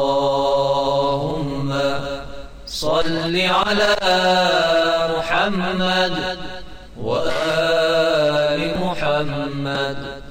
اللهم صل على محمد وآل محمد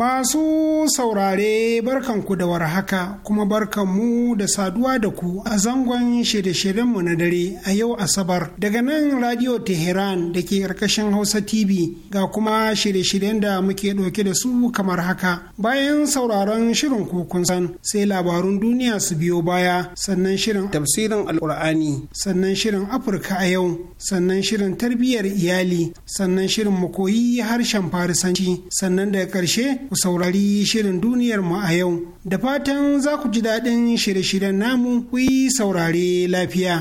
masu saurare barkanku da warhaka kuma barkanmu da saduwa da ku a zangon shirye-shiryenmu na dare a yau Asabar daga nan Radio Teheran da ke ƙarƙashin Hausa TV ga kuma shirye-shiryen da muke ɗauke da su kamar haka. Bayan sauraron shirin kukun san sai labarun duniya su biyo baya sannan shirin tafsirin Alƙur'ani sannan shirin Afirka a yau sannan shirin tarbiyyar iyali sannan shirin mu koyi harshen Farisanci sannan daga ƙarshe ku saurari shirin duniyar mu a yau da fatan za ku ji daɗin shirye-shiryen namu ku yi saurare lafiya.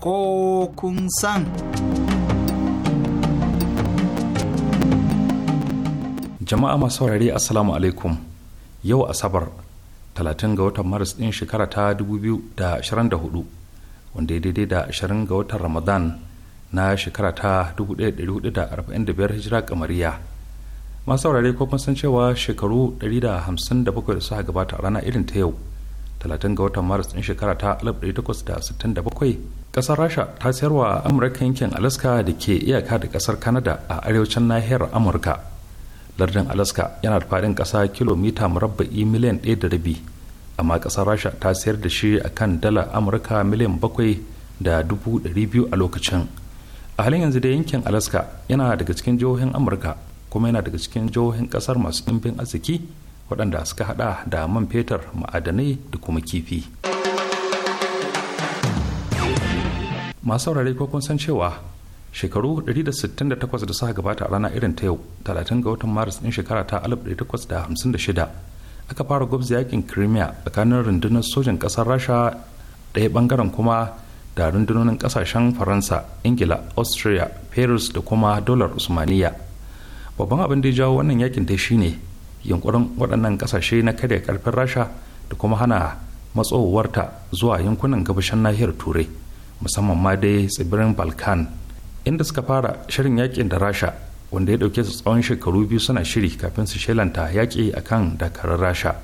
Ko kun san. Jama'a masu saurare Assalamu alaikum yau Asabar 30 ga watan Maris ɗin shekara ta 2024 wanda ya daidai da 20 ga watan Ramadan na shekara ta 1445 hijira kamariya masu saurare ko kun san cewa shekaru 157 da suka gabata a rana irin ta yau 30 ga watan maris din shekara ta 1867 kasar rasha ta sayarwa amurka yankin alaska da ke iyaka da kasar canada a arewacin nahiyar amurka lardin alaska yana da faɗin ƙasa kilomita murabba'i miliyan ɗaya da rabi amma ƙasar rasha ta sayar da shi akan dala amurka miliyan bakwai da dubu ɗari biyu a lokacin a halin yanzu da yankin alaska yana daga cikin jihohin amurka kuma yana daga cikin jihohin kasar masu ɗimbin arziki waɗanda suka hada da man fetur ma'adanai da kuma kifi masu saurari ko kun san cewa shekaru 168 da suka gabata a rana irin ta yau 30 ga watan maris ɗin shekara ta 1856 aka fara gwabza yakin crimea tsakanin rundunar sojin ƙasar rasha ɗaya ɓangaren kuma da rundunonin kasashen faransa ingila austria paris da kuma dolar usmaniya babban abin da ya jawo wannan yakin dai shine yunkurin waɗannan kasashe na karya karfin rasha da kuma hana matsowarta zuwa yankunan gabashin nahiyar turai musamman ma dai tsibirin balkan inda suka fara shirin yakin da rasha wanda ya ɗauke su tsawon shekaru biyu suna shiri kafin su shelanta yaƙi akan dakarar rasha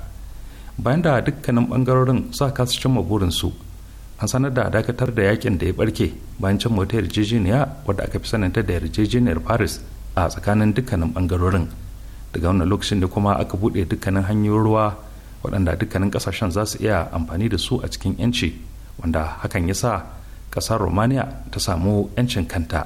bayan da dukkanin ɓangarorin suka kasa cimma burinsu an sanar da dakatar da yakin da ya barke bayan can mota yarjejeniya wadda aka fi sananta da yarjejeniyar paris a tsakanin dukkanin bangarorin daga wannan lokacin da kuma aka bude dukkanin hanyoyin ruwa waɗanda dukkanin kasashen za su iya amfani da su a cikin 'yanci wanda hakan ya sa ƙasar romania ta samu 'yancin kanta.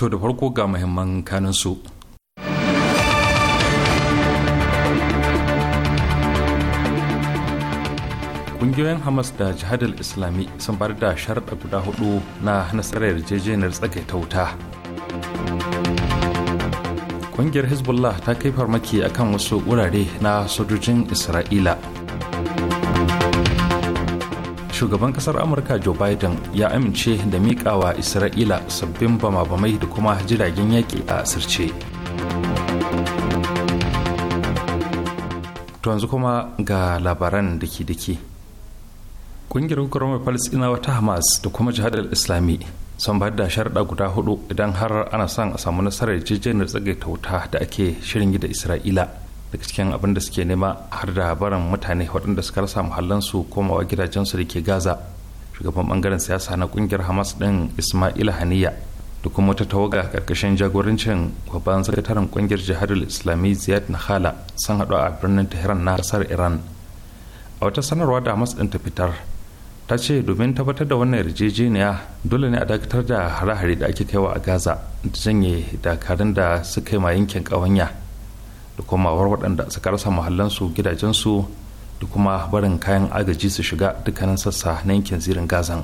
To da farko ga muhimman kanin su. Ƙungiyoyin Hamas da Jihadar Islami sun bar da sharaɗa guda hudu na nasarar yarjejeniyar ta wuta. Ƙungiyar Hezbollah ta kai farmaki akan wasu wurare na sojojin Isra'ila. shugaban kasar amurka joe biden ya amince da miƙawa isra'ila sabbin bama-bamai da kuma jiragen yaƙi a asirce kuma ga labaran da ke ƙungiyar hukumar palestinawa ta hamas da kuma jihadar islami sun bayar da sharaɗa guda hudu idan har ana son a samu nasarar jijiyar tsagaita wuta da ake shirin yi da isra'ila daga cikin abin da suke nema har da barin mutane waɗanda suka rasa muhallansu komawa gidajensu da ke gaza shugaban bangaren siyasa na kungiyar hamas ɗin isma'ila haniya da kuma wata tawaga karkashin jagorancin babban sakataren kungiyar jihadul islami ziyad nahala sun haɗu a birnin tehran na ƙasar iran a wata sanarwa da hamas ɗin ta fitar ta ce domin tabbatar da wannan yarjejeniya dole ne a dakatar da hare-hare da ake kaiwa a gaza da janye dakarun da suka yi ma yankin ƙawanya da komawar waɗanda su rasa mahallansu gidajensu da kuma barin kayan agaji su shiga dukkanin sassa na yankin zirin gazan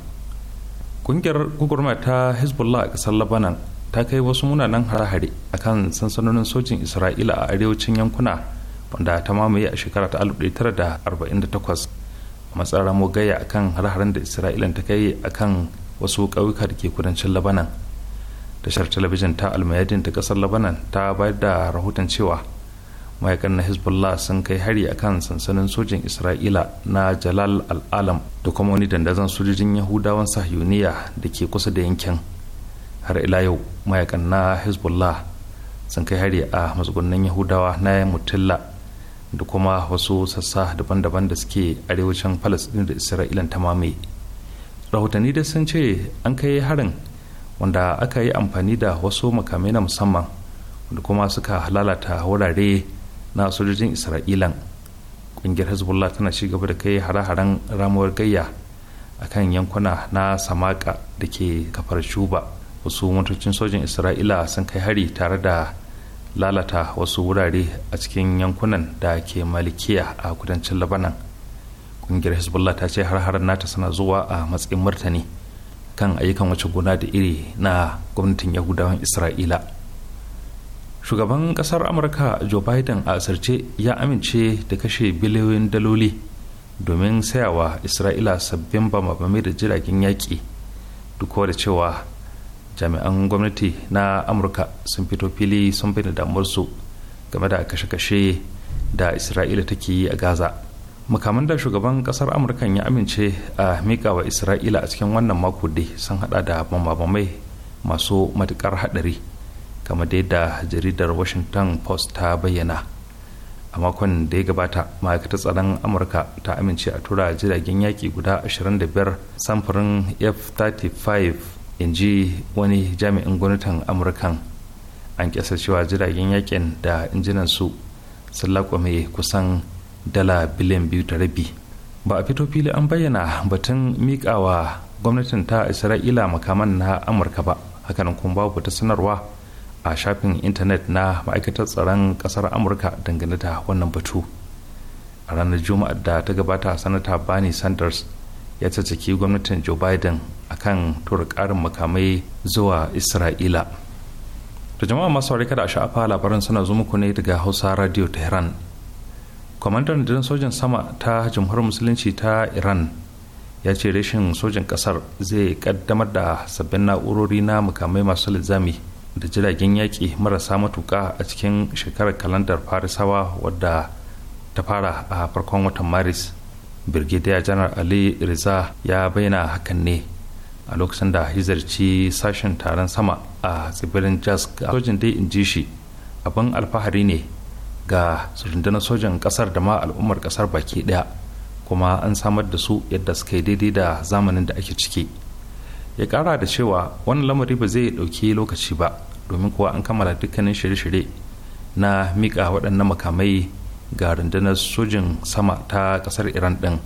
ƙungiyar gugurma ta hezbollah a ƙasar labanan ta kai wasu munanan hare-hare a kan sansanonin sojin isra'ila a arewacin yankuna wanda ta mamaye a shekara ta 1948 a matsayin mogaya a kan hare-haren da isra'ilan ta kai a kan wasu ƙauyuka da ke kudancin labanan tashar talabijin ta almayadin ta ƙasar labanan ta bayar da rahoton cewa mayakan na hezbollah sun kai hari akan sansanin sojin isra'ila na jalal al'alam da kuma wani dandazon sojojin yahudawan sahiyuniya da ke kusa da yankin har ila yau mayakan na hezbollah sun kai hari a matsugunan yahudawa na mutilla da kuma wasu sassa daban-daban da suke arewacin palestine da isra'ila ta mame rahotanni da sun ce an kai harin wanda aka yi amfani da wasu makamai na musamman da kuma suka lalata wurare na sojojin isra'ilan ƙungiyar hezbollah tana ci gaba da kai hare-haren ramuwar gayya a kan yankuna na samaka da ke kafar shuba wasu motocin sojin isra'ila sun kai hari tare da lalata wasu wurare a cikin yankunan da ke malikiya a kudancin labanan ƙungiyar hezbollah ta ce har-haren nata suna zuwa a matsayin martani kan ayyukan wace gona da iri na gwamnatin yahudawan isra'ila shugaban kasar amurka joe biden a asirce ya amince da kashe biliyoyin daloli domin sayawa isra'ila sabbin bamabame da jiragen yaƙi duk da cewa jami'an gwamnati na amurka sun fito fili sun bai da damuwarsu game da kashe-kashe da isra'ila take yi a gaza makaman da shugaban kasar amurka ya amince a mika wa isra'ila a cikin wannan mako dai sun hada da bamabamai masu matukar haɗari kamar dai da jaridar washington post ta bayyana a makon da ya gabata ma'aikatar tsaron amurka ta amince a tura jiragen yaƙi guda 25 samfurin f-35 in ji wani jami'in gwamnatin amurkan an kyasa cewa jiragen yakin da injinan su sun lakwame kusan dala biliyan biyu da rabi ba a fito fili an bayyana batun miƙawa gwamnatin ta isra'ila makaman na amurka ba hakanan kuma babu ta sanarwa a shafin intanet na ma'aikatar tsaron kasar amurka dangane da wannan batu a ranar juma'ar da ta gabata sanata bani sanders ya cacaki gwamnatin joe biden akan tura karin makamai zuwa isra'ila da jama'a masu kada da sha'afa labaran suna zo muku ne daga hausa radio tehran kwamandan jirgin sojan sama ta jamhuriyar musulunci ta iran ya ce rashin sojan kasar zai kaddamar da sabbin na'urori na mukamai masu linzami da jiragen yaƙi marasa matuƙa a cikin shekarar kalandar farisawa wadda ta fara a farkon watan maris birgidiya janar ali riza ya bayyana hakan ne a lokacin da hizarci sashen taron sama a tsibirin jazz ga sojin dai in ji shi abin alfahari ne ga rundunar sojan kasar da ma al'ummar kasar baki daya kuma an samar da su yadda suka yi daidai da zamanin da ake ciki ya kara da cewa wannan lamari ba zai dauki lokaci ba domin kuwa an kammala dukkanin shirye-shirye na mika waɗannan makamai ga rundunar sojin sama ta ƙasar iran ɗin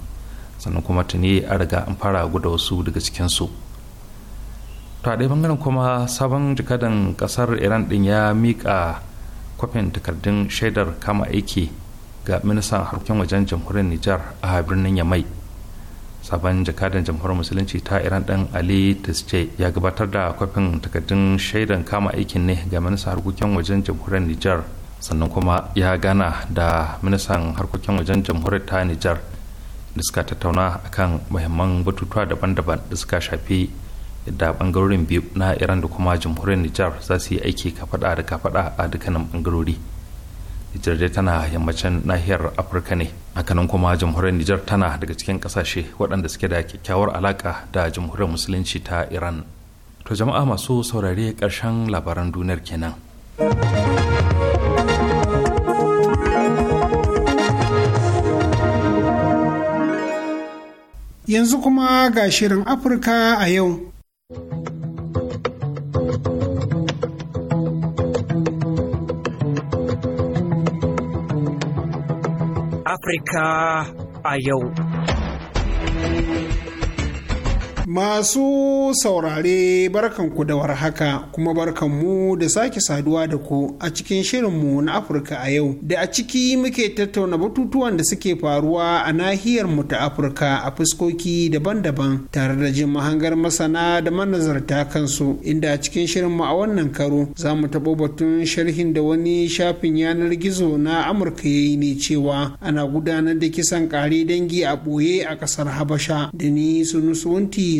sannan kuma tuni a riga an fara guda wasu daga cikinsu ta ɗaya bangaren kuma sabon jikadan ƙasar iran ɗin ya mika kwafin takardun shaidar kama aiki ga ministan harkokin wajen jamhuriyar nijar a birnin yamai sabon jakadan jamhuriyar musulunci ta iran ɗan ali tasce ya gabatar da kwafin takardun shaidan kama aikin ne ga ministan harkokin wajen jamhuriyar nijar sannan kuma ya gana da ministan harkokin wajen jamhuriyar ta nijar da suka tattauna a kan mahimman batutuwa daban-daban da suka shafi da bangarorin biyu na iran da kuma jamhuriyar nijar za su yi aiki kafada da kafaɗa a dukkanin bangarori Nijar tana yammacin nahiyar Afirka ne. Hakanan kuma jamhuriyar Nijar tana daga cikin kasashe waɗanda suke da kyakkyawar alaƙa da jamhuriyar musulunci ta Iran. To jama'a masu saurare ƙarshen labaran duniyar kenan. Yanzu kuma ga shirin Afirka a yau. Africa. Ayo. Masu saurare barkan ku da warhaka kuma barkanmu da sake saduwa da ku a cikin shirin mu na Afirka a yau da a ciki muke tattauna batutuwan da suke faruwa a nahiyar mu ta Afirka a fuskoki daban-daban tare da jin mahangar masana da manazarta kansu inda a cikin shirin mu a wannan karo za mu taɓo batun sharhin da wani shafin yanar gizo na Amurka ya yi ne cewa ana gudanar da kisan ƙare dangi a ɓoye a ƙasar Habasha da ni sunusunti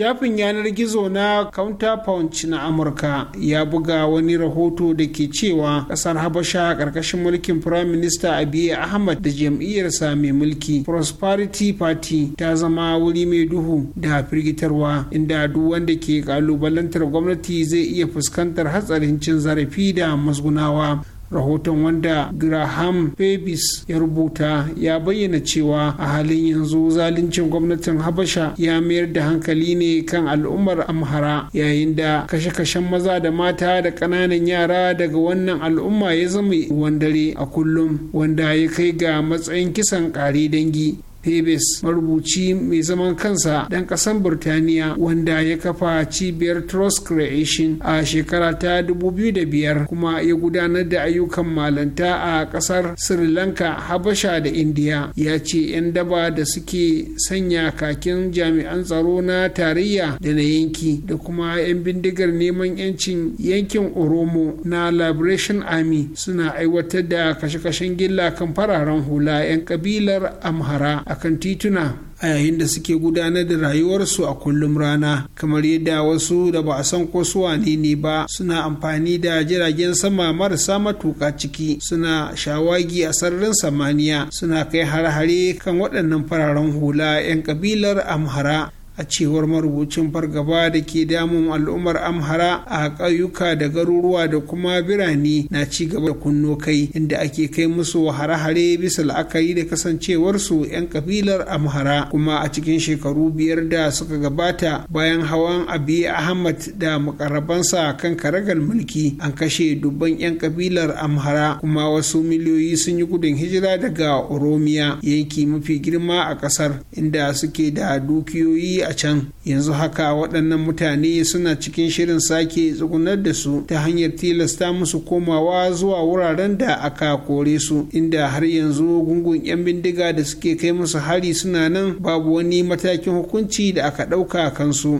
shafin yanar gizo na counterpunch na amurka ya buga wani rahoto da ke cewa kasar habasha karkashin mulkin prime minister abiy ahmad da jam'iyyarsa mai mulki prosperity party ta zama wuri mai duhu da firgitarwa inda duk wanda ke kalubalantar gwamnati zai iya fuskantar hatsarin cin zarafi da musgunawa rahoton wanda graham babies ya rubuta ya bayyana cewa a halin yanzu zaluncin gwamnatin habasha ya mayar da hankali ne kan al'ummar amhara yayin da kashe-kashen maza da mata da ƙananan yara daga wannan al'umma ya zama ruwan dare a kullum wanda ya kai ga matsayin kisan ƙare dangi Davis marubuci mai zaman kansa ɗan ƙasar Burtaniya wanda ya kafa cibiyar Trust Creation a shekara ta 2005 kuma ya gudanar da ayyukan malanta a ƙasar Sri Lanka, Habasha da India ya ce 'yan daba da suke sanya kakin jami'an tsaro na tarayya da na yanki da kuma 'yan bindigar neman 'yancin yankin Oromo na Liberation Army suna aiwatar da kashe-kashen gilla kan fararen hula 'yan kabilar Amhara akan tituna a yayin da suke gudanar da rayuwarsu a kullum rana kamar yadda wasu da ba a san ko su wane ne ba suna amfani da jiragen sama marasa matuka ciki suna shawagi a sararin samaniya suna kai har-hare kan waɗannan fararen hula 'yan ƙabilar amhara a cewar marubucin fargaba da ke damun al'ummar amhara a ƙauyuka da garuruwa da kuma birane na ci gaba da kunno kai inda ake kai musu hare-hare bisa la'akari da kasancewarsu 'yan kabilar amhara kuma a cikin shekaru biyar da suka gabata bayan hawan abi ahmad da makarabansa kan karagar mulki an kashe dubban 'yan kabilar amhara kuma wasu miliyoyi sun yi gudun hijira daga oromiya yanki mafi girma a ƙasar inda suke da dukiyoyi a a can yanzu haka waɗannan mutane suna cikin shirin sake tsugunar da su ta hanyar tilasta musu komawa zuwa wuraren da aka kore su inda har yanzu gungun 'yan bindiga da suke kai musu hari suna nan babu wani matakin hukunci da aka ɗauka kansu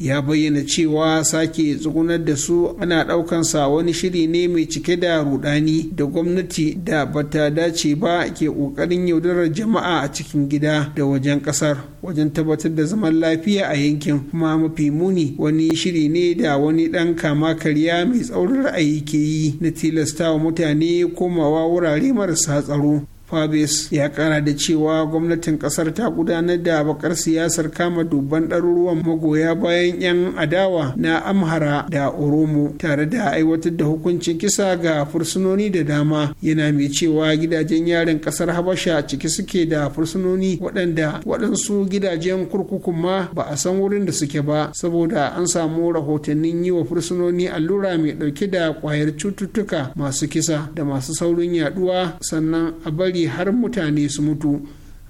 ya bayyana cewa sake tsugunar da su ana ɗaukansa wani shiri ne mai cike da rudani da gwamnati da bata dace ba ke ƙoƙarin yaudarar jama'a a cikin gida da wajen ƙasar wajen tabbatar da zaman lafiya a yankin kuma mafi muni wani shiri ne da wani ɗan kama karya mai tsaurin ra'ayi ke yi na tilastawa mutane komawa wurare marasa tsaro Fabes ya kara da cewa gwamnatin kasar ta gudanar da bakar siyasar kama dubban ɗaruruwan magoya bayan 'yan adawa na Amhara da Oromo tare da aiwatar da hukuncin kisa ga fursunoni da dama yana mai cewa gidajen yaren kasar Habasha ciki suke da fursunoni waɗanda waɗansu gidajen kurkukun ma ba a san wurin da suke ba saboda an samu rahotannin yi wa fursunoni allura mai ɗauke da ƙwayar cututtuka masu kisa da masu saurin yaɗuwa sannan a bari bari har mutane su mutu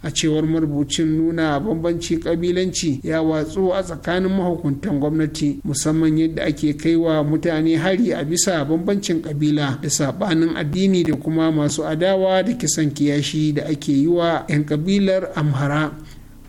a cewar marubucin nuna bambanci ƙabilanci ya watsu a tsakanin mahukuntan gwamnati musamman yadda ake kaiwa mutane hari a bisa bambancin ƙabila da sabanin addini da kuma masu adawa da kisan kiyashi da ake yi wa 'yan ƙabilar amhara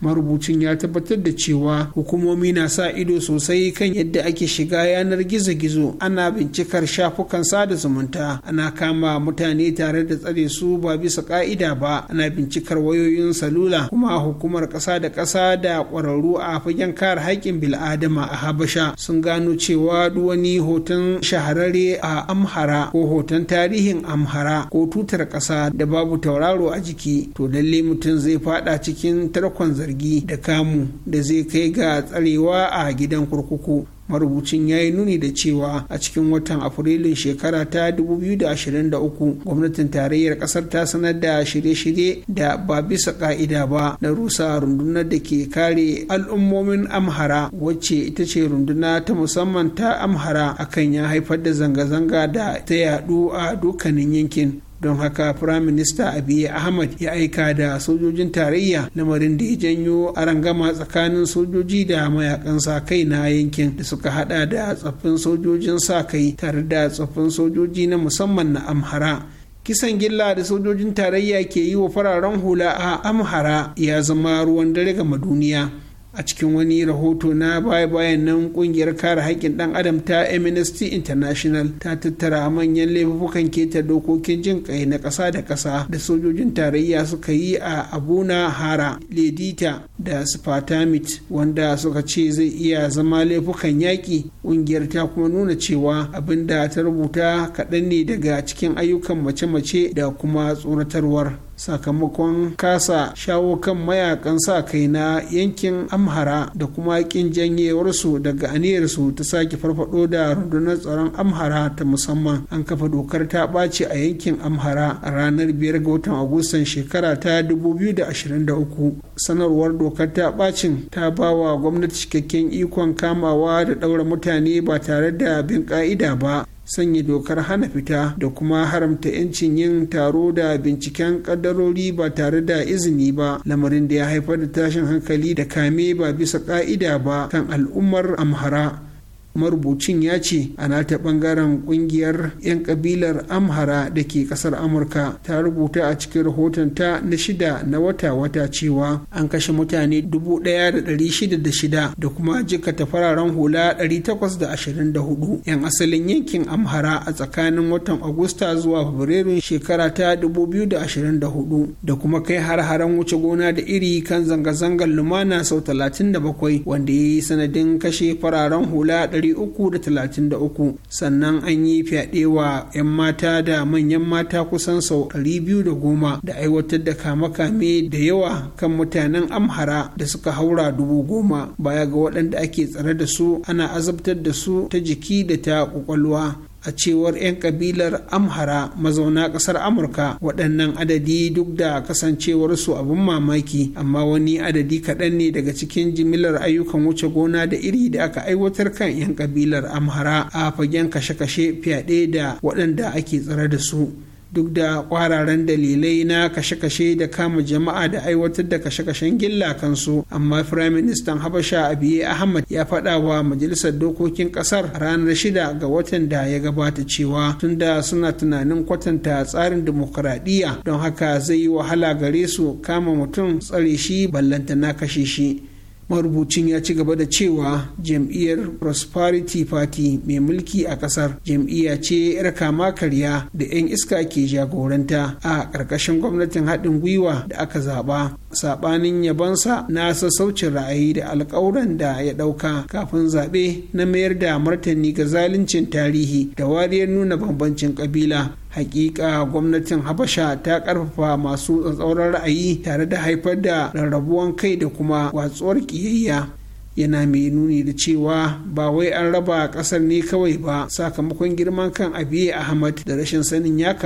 marubucin ya tabbatar da cewa hukumomi na sa ido sosai kan yadda ake shiga yanar gizo-gizo ana bincikar shafukan sada zumunta ana kama mutane tare da tsare su ba bisa ka'ida ba ana bincikar wayoyin salula kuma hukumar ƙasa da ƙasa da ƙwararru a fagen kare haƙƙin bil'adama a habasha sun gano cewa duk wani hoton shahararre a amhara ko hoton tarihin amhara ko tutar ƙasa da babu tauraro a jiki to lalle mutum zai faɗa cikin tarkon zari. zargi da kamu da zai kai ga tsarewa a gidan kurkuku marubucin ya yi nuni da cewa a cikin watan afrilun shekara ta 2023 gwamnatin tarayyar kasar ta sanar da shirye-shirye da ba bisa ka'ida ba na rusa rundunar da ke kare al'ummomin amhara wacce ita ce runduna ta musamman ta amhara akan ya haifar da zanga-zanga da ta yadu a dukkanin yankin don haka firayim minista abiy ahmad ya aika da sojojin tarayya lamarin da ya janyo arangama tsakanin sojoji da mayakan sa kai na yankin da suka hada da tsaffin sojojin sa kai tare da tsaffin sojoji na musamman na amhara kisan gilla da sojojin tarayya ke yi wa fararen hula a amhara ya zama ruwan dare ga duniya a cikin wani rahoto na baya-bayan nan kungiyar kare haƙƙin ɗan adam ta amnesty international ta tattara manyan laifukan keta dokokin jin kai na ƙasa da ƙasa da sojojin tarayya suka yi a abuna hara ledita da spartamit wanda suka ce zai iya zama laifukan yaƙi ƙungiyar ta kuma nuna cewa abin da ta rubuta kaɗan ne daga cikin ayyukan mace-mace da kuma tsoratarwar sakamakon kasa shawo kan mayakan sa kai na yankin amhara da kuma kin janyewarsu daga aniyarsu ta sake farfado da rundunar tsaron amhara ta musamman an kafa dokar ta ɓaci a yankin amhara a ranar 5 ga watan agustan shekara ta 2023 sanarwar dokar ta ɓacin ta ba wa gwamnati cikakken ikon kamawa da ɗaura mutane ba tare da bin ƙa'ida ba sanya dokar hana fita da kuma haramta 'yancin yin taro da binciken kaddarori ba tare da izini ba lamarin da ya haifar da tashin hankali da kame ba bisa ka'ida ba kan al'ummar amhara marubucin ya ce a ta bangaren kungiyar 'yan kabilar amhara da ke kasar amurka ta rubuta a cikin rahoton ta na shida na wata-wata cewa an kashe mutane 1,606 da kuma jikata fararen hula 824 'yan asalin yankin amhara a tsakanin watan agusta zuwa fabrairun shekara ta 2024 da kuma kai har-haren wuce gona da iri kan zanga-zangar lumana sau 37 wanda ya yi sanadin kashe fararen hula 333 sannan an yi fyaɗe wa 'yan mata da manyan mata kusan sau 210 da aiwatar da kame-kame da yawa kan mutanen amhara da suka haura dubu goma baya ga waɗanda ake tsare da su ana azabtar da su ta jiki da ta ƙwaƙwalwa a cewar 'yan kabilar amhara mazauna kasar amurka waɗannan adadi duk da kasancewar su abin mamaki amma wani adadi kaɗan ne daga cikin jimilar ayyukan wuce gona da iri da aka aiwatar kan 'yan kabilar amhara a fagen kashe-kashe fyaɗe da waɗanda ake tsare da su duk da kwararan dalilai na kashe-kashe da kama jama'a da aiwatar da kashe-kashen gilla kansu amma Firayim Ministan habasha abiye ahmad ya faɗa wa majalisar dokokin ƙasar ranar shida ga watan da ya gabata cewa tun da suna tunanin kwatanta tsarin dimokuraɗiyya don haka zai yi wahala gare su kama mutum tsare shi ballanta na kashe shi marubucin ya ci gaba da cewa jam'iyyar prosperity party mai mulki a kasar jam'iyya ce yar kama karya da 'yan iska ke jagoranta a ƙarƙashin gwamnatin haɗin gwiwa da aka zaɓa saɓanin yabansa na sassaucin ra'ayi da alƙawuran da ya ɗauka kafin zaɓe na mayar da martani ga zaluncin tarihi da wariyar nuna bambancin ƙabila hakika gwamnatin habasha ta karfafa masu tsatsauran ra'ayi tare da haifar da rarrabuwan kai da kuma watsuwar kiyayya yana mai nuni da cewa ba wai an raba kasar ne kawai ba sakamakon girman kan abiye ahmad da rashin sanin ya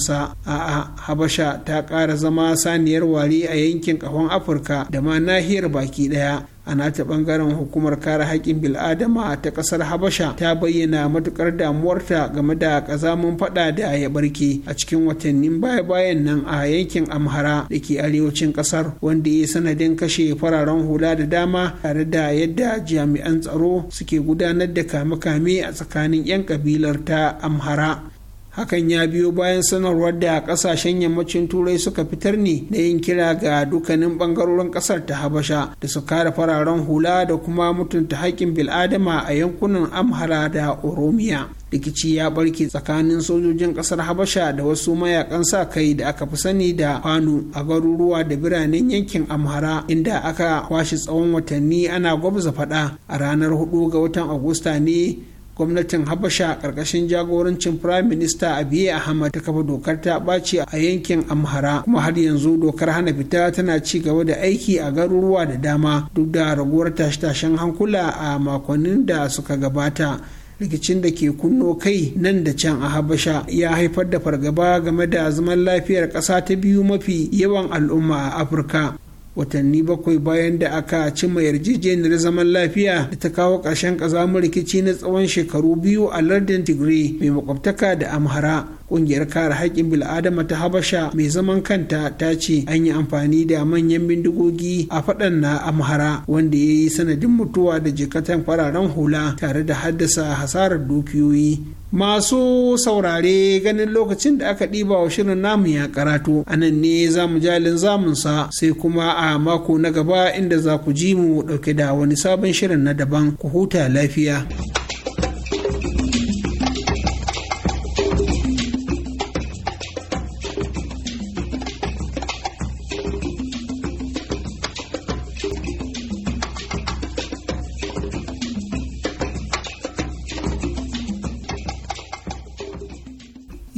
sa a'a habasha ta ƙara zama saniyar wari a yankin ƙahon afirka da ma nahiyar baki ɗaya a nata bangaren hukumar kare haƙƙin bil'adama ta ƙasar habasha ta bayyana matukar damuwarta game da ƙazamin faɗa da ya barke a cikin watannin baya-bayan nan a yankin amhara da ke arewacin ƙasar wanda ya sanadin kashe fararen hula da dama tare da yadda jami'an tsaro suke gudanar da kame-kame a tsakanin 'yan kabilar ta amhara hakan ya biyo bayan sanarwar da kasashen yammacin turai suka fitar ne na yin kira ga dukkanin bangarorin kasar ta habasha da su kare fararen hula da kuma mutunta haƙƙin bil'adama a yankunan amhara da oromiya rikici ya barke tsakanin sojojin kasar habasha da wasu mayakan sa kai da aka fi sani da kwano a garuruwa da biranen yankin amhara inda aka kwashe tsawon watanni ana gwabza fada a ranar 4 ga watan agusta ne gwamnatin habasha karkashin jagorancin prime minister abiy ahmad ta kafa dokar ta ɓaci a yankin amhara kuma har yanzu dokar hana fita tana ci gaba da aiki a garuruwa da dama duk da raguwar tashe-tashen hankula a makonnin da suka gabata rikicin da ke kunno kai nan da can a habasha ya haifar da fargaba game da zaman lafiyar ƙasa ta biyu mafi yawan al'umma a afirka watanni bakwai bayan da aka cimma yarjejeniyar zaman lafiya da ta kawo ƙarshen ƙazamin rikici na tsawon shekaru biyu a lardin tigray mai makwabtaka da amhara kungiyar kare haƙƙin bil'adama ta habasha mai zaman kanta ta ce an yi amfani da manyan bindigogi a faɗan na amhara wanda ya yi sanadin mutuwa da jikatan fararen hula tare da haddasa hasarar dukiyoyi masu saurare ganin lokacin da aka ɗiba wa shirin namu ya karatu a nan ne za mu jalin zamunsa sai kuma a mako na gaba inda za ku ji mu ɗauke da wani sabon shirin na daban ku huta lafiya.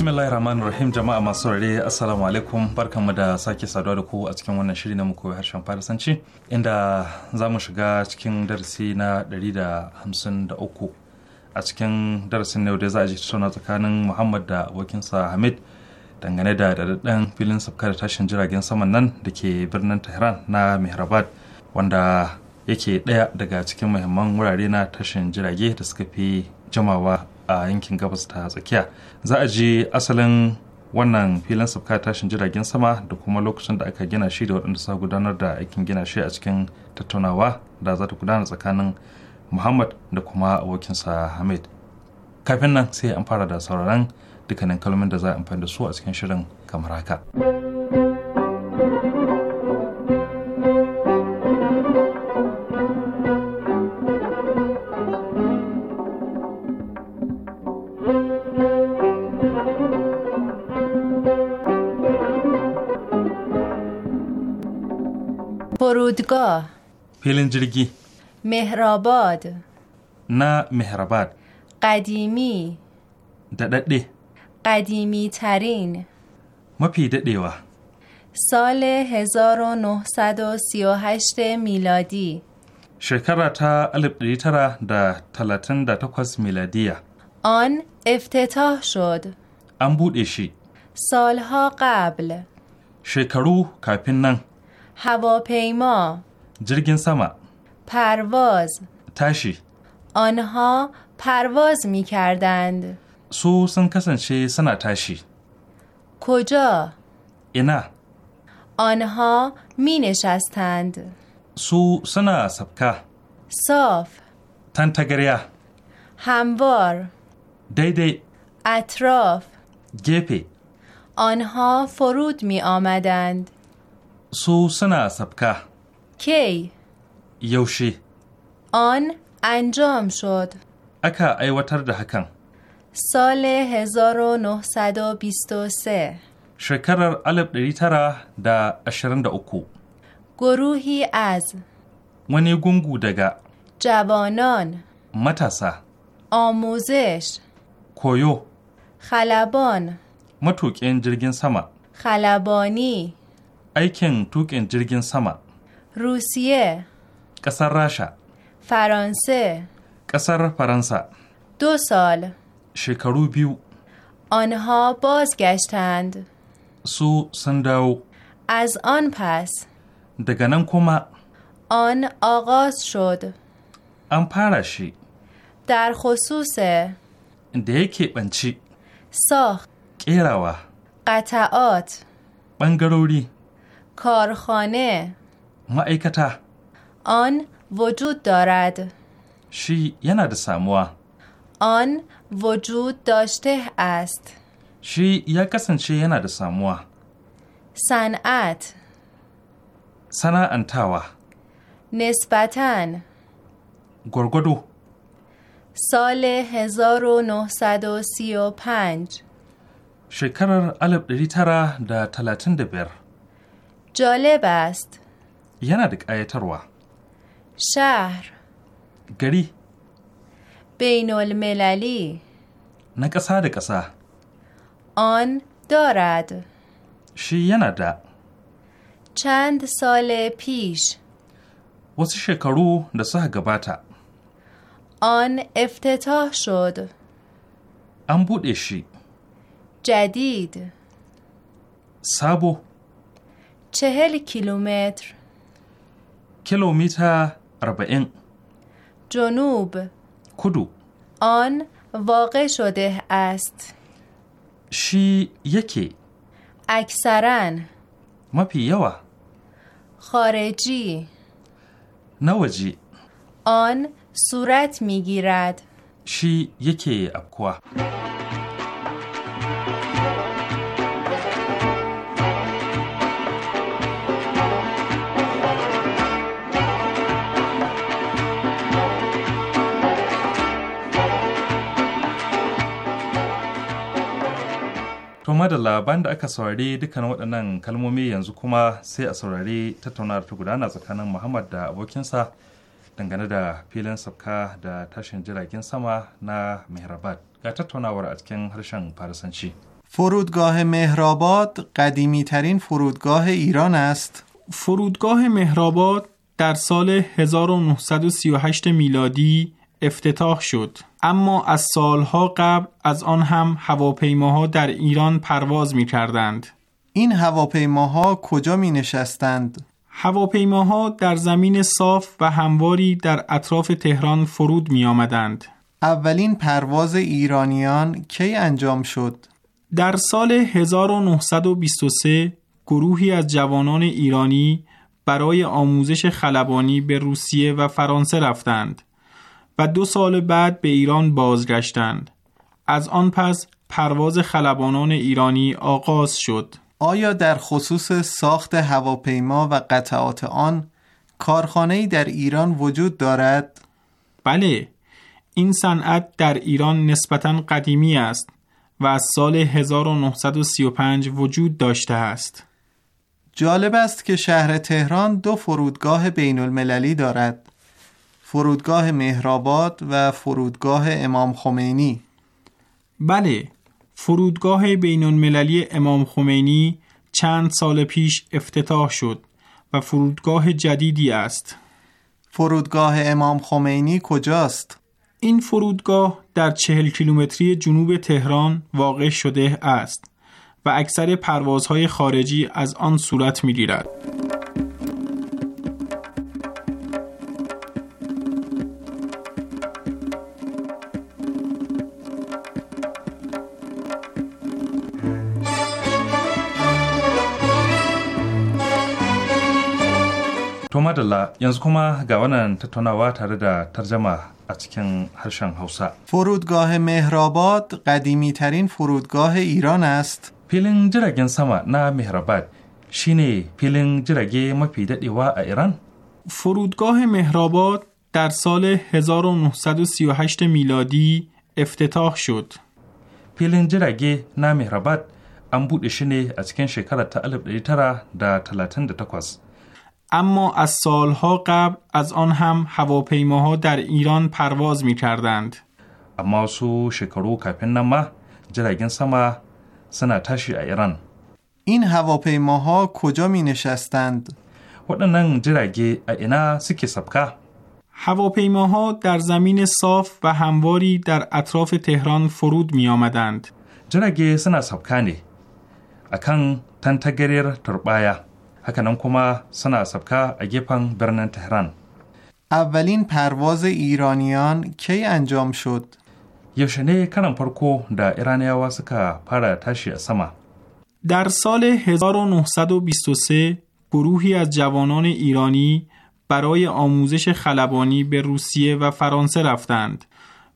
rahim jama'a masu rare assalamu alaikum barkanmu da sake saduwa da ku a cikin wannan shiri na muku harshen farisanci inda za mu shiga cikin darasi na 153 a cikin darasin yau da za a ji tattauna tsakanin Muhammad da abokinsa Hamid dangane da daɗaɗɗen filin da tashin jiragen saman nan da ke birnin Tehran na Mehrabad wanda yake ɗaya daga cikin muhimman wurare na tashin jirage da suka fi jimawa a yankin gabas ta tsakiya. za a ji asalin wannan filin sabka tashin jiragen sama da kuma lokacin da aka gina shi da waɗanda sa gudanar da aikin gina shi a cikin tattaunawa da za ta gudana tsakanin muhammad da kuma abokinsa hamid kafin nan sai an fara da sauraron dukkanin kalmomin da za a amfani da su a cikin shirin kamar haka. فرودگاه پلنجرگی مهرآباد نه مهرآباد قدیمی دددی قدیمی ترین دی و سال 1938 میلادی شکر تا الف دا تلاتن دا تکوز آن افتتاح شد ام بود سالها قبل شکرو کپنن هواپیما جرگن سما پرواز تشی آنها پرواز می کردند سو سن کسن چه سنا تشی کجا؟ اینا آنها می نشستند سو سنا سبکه صاف تگریا. هموار دیدی اطراف گپی آنها فرود می آمدند سو سنا سبکه کی یوشی آن انجام شد اکا ایواتر ده کن سال 1923 شکرر علب دری تره دا اشرن گروهی از ونی گنگو دگا جوانان متاسا آموزش کویو خلبان متوک انجرگین سما خلبانی aikin tuƙin jirgin sama. Rusiye. Ƙasar Rasha. Faransa. Ƙasar Faransa. Dosal. Shekaru biyu. Onha Bosgestand. Su sun dawo. As on pass. Daga nan kuma. On August shod. An fara shi. Dar khususe. Da yake banci. So. Ƙerawa. ot. Ɓangarori. کارخانه ما کتا آن وجود دارد شی یه د ساموا آن وجود داشته است شی یا کسنچه ینا د ساموا صنعت صنعانتاوا نسبتاً گرگدو سال 1935 شکرر الب ریترا در تلاتن جالب است یه ندک شهر گری بین المللی نکسا دکسا آن دارد شی یه نده چند سال پیش وسی شکرو دسته گباتا آن افتتاح شد ام جدید سابو چهل کیلومتر کیلومتر اربعین جنوب کدو آن واقع شده است شی یکی اکثرا ما پیوا خارجی نوجی آن صورت میگیرد شی یکی ابکوه. To madalla bayan da aka saurari dukkan waɗannan kalmomi yanzu kuma sai a saurari tattaunawar ta gudana tsakanin Muhammad da abokinsa dangane da filin sabka da tashin jiragen sama na Mehrabad. Ga tattaunawar a cikin harshen Farisanci. فرودگاه مهرآباد قدیمی ترین فرودگاه ایران است. فرودگاه مهرآباد در سال 1938 میلادی افتتاح شد. اما از سالها قبل از آن هم هواپیماها در ایران پرواز می کردند. این هواپیماها کجا می نشستند؟ هواپیماها در زمین صاف و همواری در اطراف تهران فرود می آمدند. اولین پرواز ایرانیان کی انجام شد؟ در سال 1923 گروهی از جوانان ایرانی برای آموزش خلبانی به روسیه و فرانسه رفتند. و دو سال بعد به ایران بازگشتند. از آن پس پرواز خلبانان ایرانی آغاز شد. آیا در خصوص ساخت هواپیما و قطعات آن کارخانه‌ای در ایران وجود دارد؟ بله، این صنعت در ایران نسبتا قدیمی است و از سال 1935 وجود داشته است. جالب است که شهر تهران دو فرودگاه بین المللی دارد. فرودگاه مهرآباد و فرودگاه امام خمینی بله فرودگاه بینون المللی امام خمینی چند سال پیش افتتاح شد و فرودگاه جدیدی است فرودگاه امام خمینی کجاست؟ این فرودگاه در چهل کیلومتری جنوب تهران واقع شده است و اکثر پروازهای خارجی از آن صورت میگیرد. madalla yanzu kuma ga wannan tattaunawa tare da tarjama a cikin harshen Hausa. Furudgah Mehrabad qadimi tarin furudgah Iran است. filin jiragen sama na Mehrabad shine filin jirage mafi dadewa a Iran? Furudgah Mehrabad در سال 1938 میلادی افتتاح شد. filin jirage na Mehrabad an buɗe shi ne a cikin shekarar ta 1938. اما از سالها قبل از آن هم هواپیماها در ایران پرواز می کردند. اما سو شکرو کپن نما جرگن سما ایران این هواپیماها کجا می نشستند؟ هواپیما ها اینا سکی هواپیماها در زمین صاف و همواری در اطراف تهران فرود می آمدند. جرگی سنا سبکانی، اکن تنتگریر تربایه hakanan kuma suna sabka a gefen تهران اولین پرواز ایرانیان کی انجام شد؟ yaushe ne karan farko da iraniyawa suka fara tashi در سال 1923 گروهی از جوانان ایرانی برای آموزش خلبانی به روسیه و فرانسه رفتند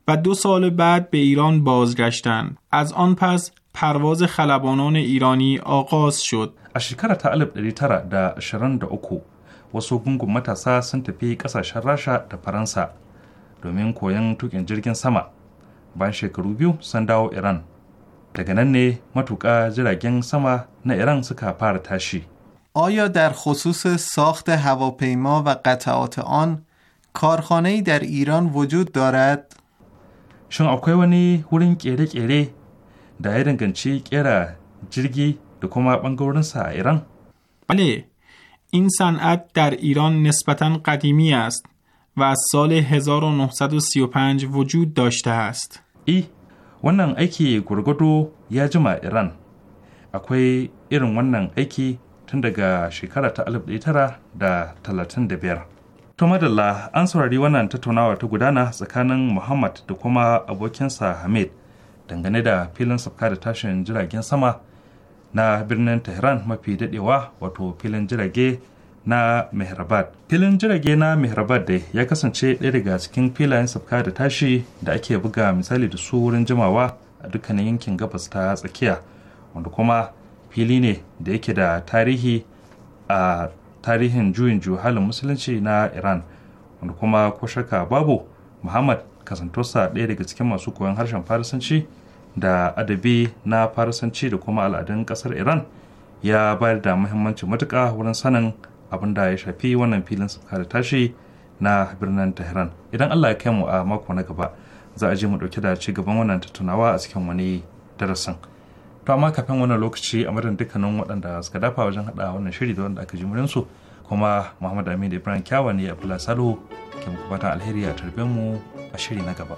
و دو سال بعد به ایران بازگشتند از آن پس پرواز خلبانان ایرانی آغاز شد a shekara ta 1923 wasu gungun matasa sun tafi kasashen rasha da faransa domin koyon tukin jirgin sama bayan shekaru biyu sun dawo iran daga nan ne matuƙa jiragen sama na iran suka fara tashi آیا در خصوص ساخت هواپیما و قطعات آن کارخانه در ایران وجود دارد؟ شن اکوی ونی ورین کیره کیره دایرن گنچی کیره jirgi da kuma ɓangarorinsa a Iran? in san صنعت dar Iran nisbatan قدیمی است و از سال 1935 وجود داشته است. ای wannan aiki gurgudu ya jima Iran. Akwai irin wannan aiki tun daga shekara ta alif tara da talatin 1935. To madalla an saurari wannan tattaunawa ta gudana tsakanin Muhammad da kuma abokinsa Hamid dangane da filin sabka da tashin jiragen sama na birnin tehran mafi dadewa wato filin jirage na mehrabad filin jirage na mehrabad dai ya kasance ɗaya daga cikin filayen sabka da tashi da ake buga misali da su wurin jimawa a dukkanin yankin gabas ta tsakiya wanda kuma fili ne da yake da tarihi a tarihin juyin juhalin musulunci na iran wanda kuma ko shakka babu muhammad kasantosa ɗaya daga cikin masu koyon harshen farisanci da adabi na farisanci da kuma al'adun kasar iran ya bayar da muhimmanci matuka wurin sanin abin da ya shafi wannan filin da tashi na birnin tehran idan allah ya kai mu a mako na gaba za a je mu ɗauke da ci gaban wannan tattaunawa a cikin wani darasin to amma kafin wannan lokaci a madadin dukkanin waɗanda suka dafa wajen haɗa wannan shiri da wanda aka ji su kuma muhammad aminu ibrahim kyawa ne abdullahi salo ke mu fatan alheri a tarbe mu a shiri na gaba.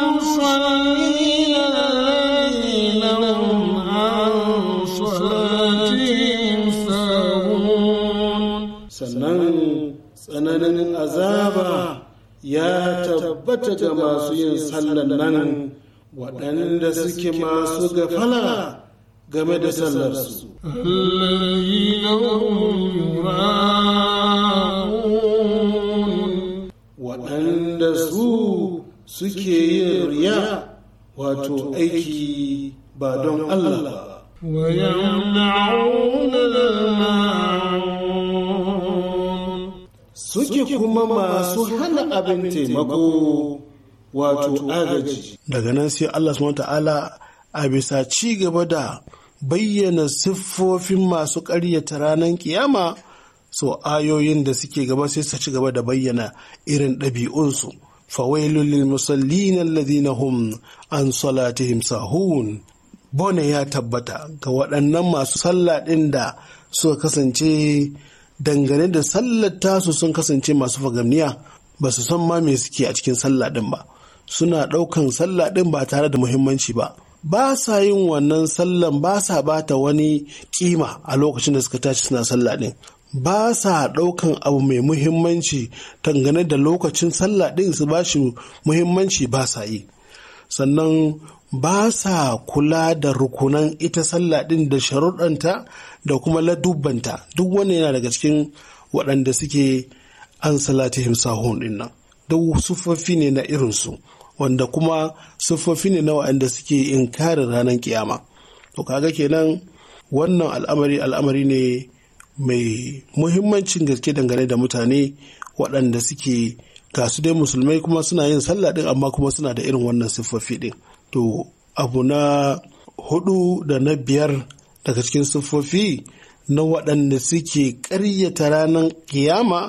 tabbata ga masu yin sallan nan waɗanda suke masu gafala game da sallarsu. waɗanda su suke yin riya wato aiki ba don Allah ba. suke kuma masu hana abin taimako wato agaji. Daga nan sai Allah subhanahu ta'ala a bisa ci gaba da bayyana siffofin masu ƙaryata ranar kiyama so ayoyin da suke gaba sai su ci gaba da bayyana irin ɗabi'unsu. Fawailun lil musallin alladhina hum an salatihim sahun bone ya tabbata ga waɗannan masu sallah ɗin da suka kasance dangane da sallar tasu sun kasance masu fagamniya ba su san ma me suke a cikin sallah ɗin ba suna ɗaukan sallah ɗin ba tare da muhimmanci ba ba sa yin wannan sallan ba sa bata wani kima a lokacin da suka tashi suna sallah ɗin ba sa ɗaukan abu mai muhimmanci dangane da lokacin sallah ɗin su ba shi muhimmanci ba sa yi sannan ba sa kula da rukunan ita sallah ɗin da sharuɗanta da kuma ladubbanta duk wannan yana daga cikin waɗanda suke an salati sahun ɗin nan duk siffofi ne na irinsu wanda kuma siffofi ne na waɗanda suke inkarin ranar kiyama to kaga kenan wannan al'amari al'amari ne mai muhimmancin gaske dangane da mutane waɗanda suke gasu dai musulmai kuma suna yin sallah ɗin amma kuma suna da irin wannan siffofi ɗin to abu na hudu da na biyar daga cikin siffofi na waɗanda suke ƙaryata ranar kiyama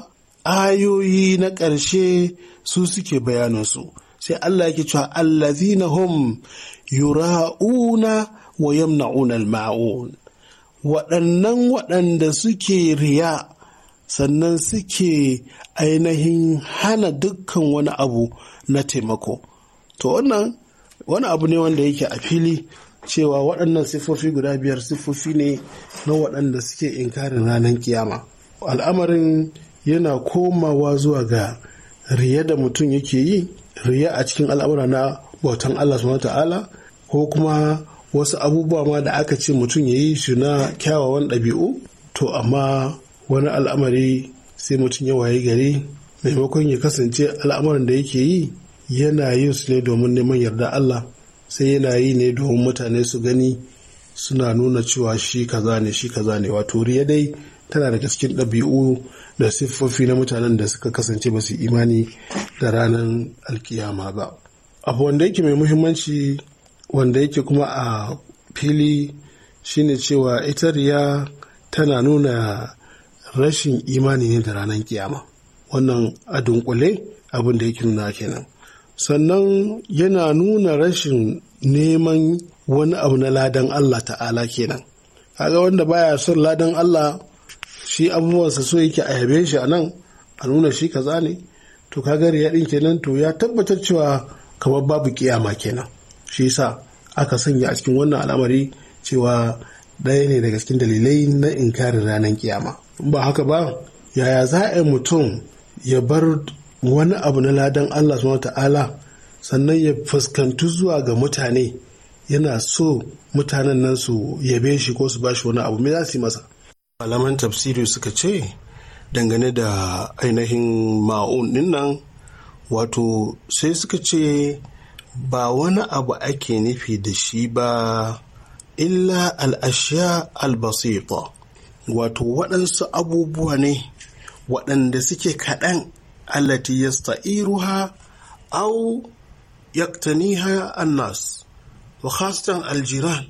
ayoyi na ƙarshe su suke bayaninsu sai Allah yake cewa allazina hum yura'una wa yamna'una al-ma'un waɗannan waɗanda suke riya sannan suke ainihin hana dukkan wani abu na taimako to wannan wani abu ne wanda yake a fili cewa waɗannan siffofi guda biyar siffofi ne na waɗanda suke inkarin ranar kiyama al'amarin yana komawa zuwa ga riya da mutum yake yi riya a cikin al'amura na bautan Allah subhanahu ta'ala ko kuma wasu abubuwa ma da aka ce mutum ya yi shi na kyawawan ɗabi'u to amma wani al'amari sai mutum ya waye gari maimakon ya kasance al'amarin da yake yi yana yin su ne domin neman yarda Allah sai yana yi ne domin mutane su gani suna nuna cewa shi kaza ne shi kaza ne wato riya dai tana da cikin ɗabi'u da siffofi na mutanen da suka kasance ba su imani da ranar alkiyama ba abu wanda yake mai muhimmanci wanda yake kuma a fili shine cewa ita riya tana nuna rashin imani ne da ranar kiyama wannan a dunkule abin da yake nuna kenan sannan yana nuna rashin neman wani abu na ladan Allah ta'ala kenan kaga wanda baya son ladan Allah shi abubuwansa so yake a yabe shi a nan a nuna shi kaza ne to kaga ya din kenan to ya tabbatar cewa kamar babu kiyama kenan shi yasa aka sanya a cikin wannan al'amari cewa ɗaya ne daga cikin dalilai na inkarin ranar kiyama ba haka ba yaya za a mutum ya bar wani abu na ladan Allah subhanahu ta'ala sannan ya fuskantu zuwa ga mutane yana so mutanen nan su yabe shi ko su ba shi wani abu me za su yi masa malaman tafsiri suka ce dangane da ainihin ma'un din nan wato sai suka ce ba wani abu ake nufi da shi ba illa al'ashiya albasita wato waɗansu abubuwa ne waɗanda suke kaɗan allati yasta'iruha aw yaktaniha annas wa khasatan aljiran